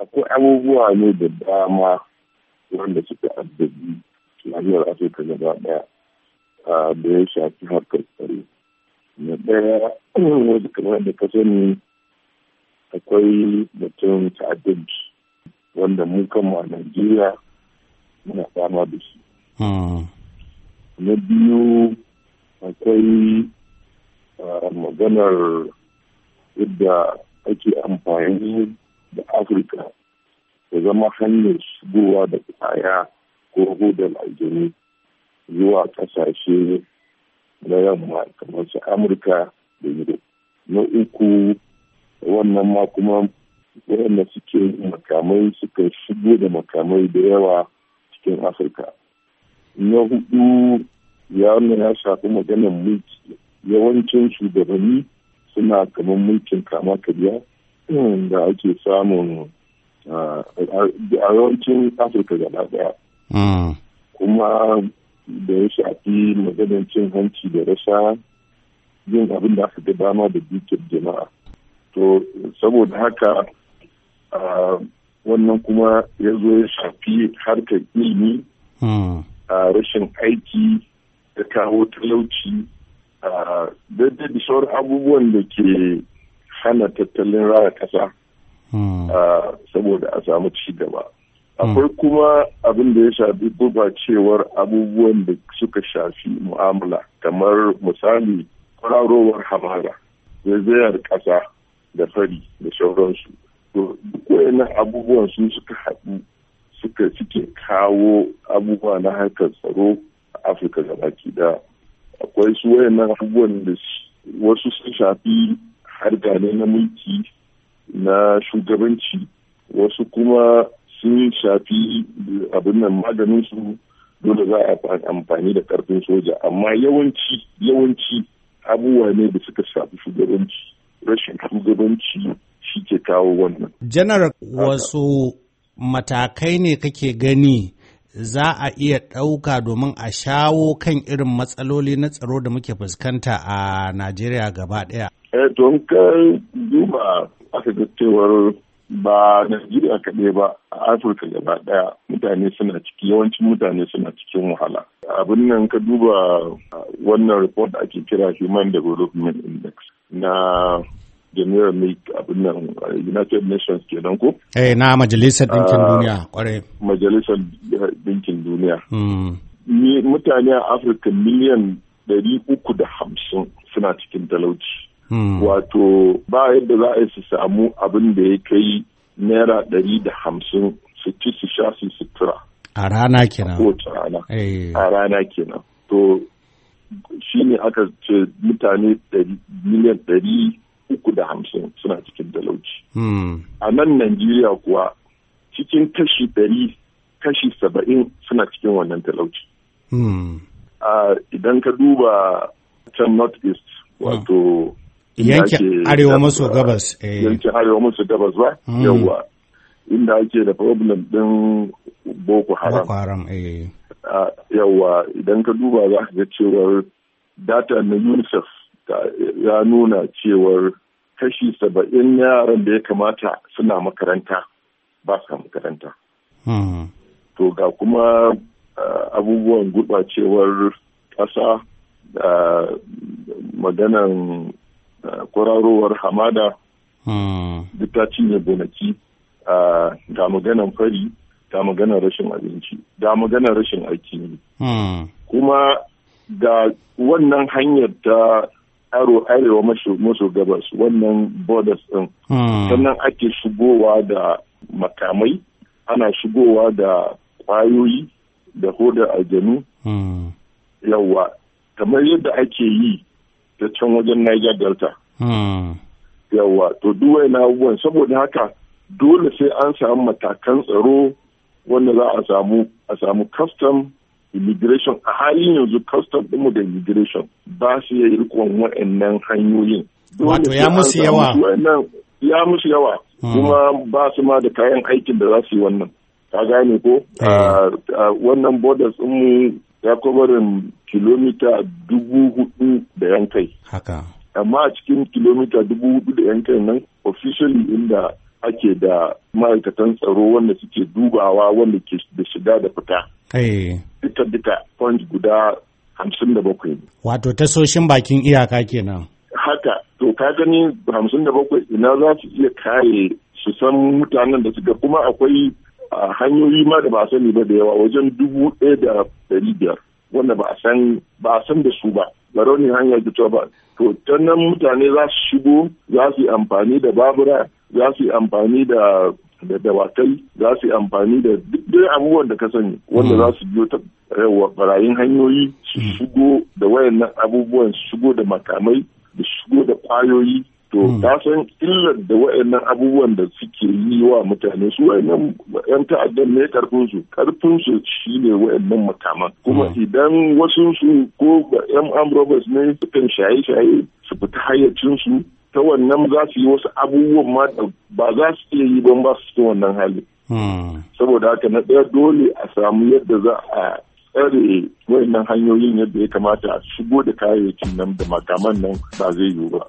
akwai abubuwa ne da dama wanda suka addabi nahiyar afirka gaba daya da ya shafi harkar tsaro na daya wanda kamar da ka sani akwai batun ta'addanci wanda mu kama a najeriya muna fama da shi hmm. na biyu akwai maganar yadda ake amfani da afirka ya zama hanyar shigowa da kaya ko hudar aljanu zuwa kasashe na yamma kamar su amurka da europe na uku wannan ma kuma waɗanda suke makamai suka shigo da makamai da yawa cikin afirka na hudu ya ya shafi maganar mulki yawancin shugabanni suna kamar mulkin kama karya ɗin da ake samun a yawancin afirka gaba daya mm. kuma da ya shafi maganar cin hanci da rasha yin abin da aka ga dama da dukkan jama'a to saboda haka wannan kuma ya zo ya shafi harkar ilimi mm. a rashin aiki da kawo talauci daidai da sauran abubuwan da ke hana tattalin rara ƙasa hmm. saboda a samu ci gaba. Hmm. Akwai kuma abin da ya shafi gurɓacewar abubuwan da suka shafi mu'amala kamar misali kwararowar hamada, zaizayar ƙasa da fari da sauransu. To duk wayannan abubuwan sun suka haɗu suka suke kawo abubuwa na harkar tsaro a Afirka baki ɗaya. Akwai su wayannan abubuwan da wasu sun shafi harka ne na mulki na shugabanci wasu kuma sun shafi abin nan maganin su dole za a amfani da karfin soja amma yawanci yawanci abubuwa ne da suka shafi shugabanci rashin shugabanci shi ke kawo wannan. janar wasu matakai ne kake gani za a iya ɗauka domin a shawo kan irin matsaloli na tsaro da muke fuskanta a Najeriya gaba ɗaya? Don eh, ka duba aka ga cewar ba Najeriya kaɗai ba a Afirka gaba ɗaya mutane suna ciki yawancin mutane suna cikin wahala. Abin nan ka duba wannan report ake kira Human Development Index na general make abin nan united nations kenan ko eh na majalisar dinkin ah, duniya kwarai majalisar dinkin duniya hmm. mutane a afirka miliyan ɗari uku da hamsin suna cikin talauci hmm. wato ba yadda za a su samu abin da ya kai naira ɗari da hamsin su ci su sha su sutura a rana kenan kowace rana eh. a rana kenan to shine aka ce mutane miliyan ɗari da hamsin suna cikin talauci. Hmm. A nan Najeriya kuwa cikin kashi ɗari kashi saba'in suna cikin wannan talauci. Hmm. Idan ka duba can North East hmm. wato yankin arewa maso gabas. Eh. Yankin arewa maso gabas ba? Yawwa. Inda ake da problem ɗin Boko Haram. Boko Haram, eh. Yawwa idan ka duba za ka ga cewar data na UNICEF ya nuna cewar kashi saba'in yaran da ya kamata suna makaranta ba sa makaranta. Hmm. To ga kuma uh, abubuwan gurɓacewar ƙasa da maganan uh, kwararowar hamada hmm. duk ta cinye gonaki uh, ga maganan fari ga maganan rashin abinci ga maganan rashin aiki ne hmm. kuma ga wannan hanyar ta aro arewa maso gabas wannan borders din hmm. sannan ake shigowa da makamai ana shigowa da kwayoyi da hodar aljanu hmm. yawa kamar yadda ake yi da can wajen niger delta hmm. yawa to duwai na abubuwan saboda haka dole sai an samu matakan tsaro wanda za a samu a samu custom immigration a halin yanzu custom ɗinmu da immigration ba su yi rikon wa'annan hanyoyin. Wato ya musu yawa. Ya musu yawa. Kuma ba su ma da kayan aikin da za su yi wannan. Ka gane ko? Hmm. Wannan borders mu ya kwabarin kilomita dubu hudu da yankai. Haka. Amma a cikin kilomita dubu hudu da yankai nan officially inda ake da ma'aikatan tsaro wanda suke dubawa wanda ke da shiga da fita. Eh. fitar duka point guda hamsin da bakwai. Wato tasoshin bakin iyaka kenan. Haka to ka gani hamsin da bakwai ina za su iya kare su san mutanen da suka kuma akwai hanyoyi ma da ba sani ba da yawa wajen dubu ɗaya da ɗari biyar wanda ba a san ba san da su ba baro ne hanyar ta ba to ta nan mutane za su shigo za su yi amfani da babura za su yi amfani da da dawakai za su yi amfani da duk dai abubuwan da ka sani wanda hmm. za su biyo ta barayin hanyoyi su hmm. shigo da wayannan abubuwan su shigo da makamai da shigo da kwayoyi to hmm. ka san illar da wa'annan abubuwan da suke yi wa mutane su wa'annan yan ta'addan ne karfin su karfin su shine wa'annan makaman kuma hmm. idan wasu su ko yan armed ne ne sukan shaye-shaye su fita hayyacin su ta wannan za su yi wasu abubuwan ma da ba za su iya yi ban ba su cikin wannan hali hmm. saboda haka na ɗaya dole a samu yadda za a tsare wayannan hanyoyin yadda ya kamata a shigo da kayayyakin nan da makaman nan ba zai yiwu ba.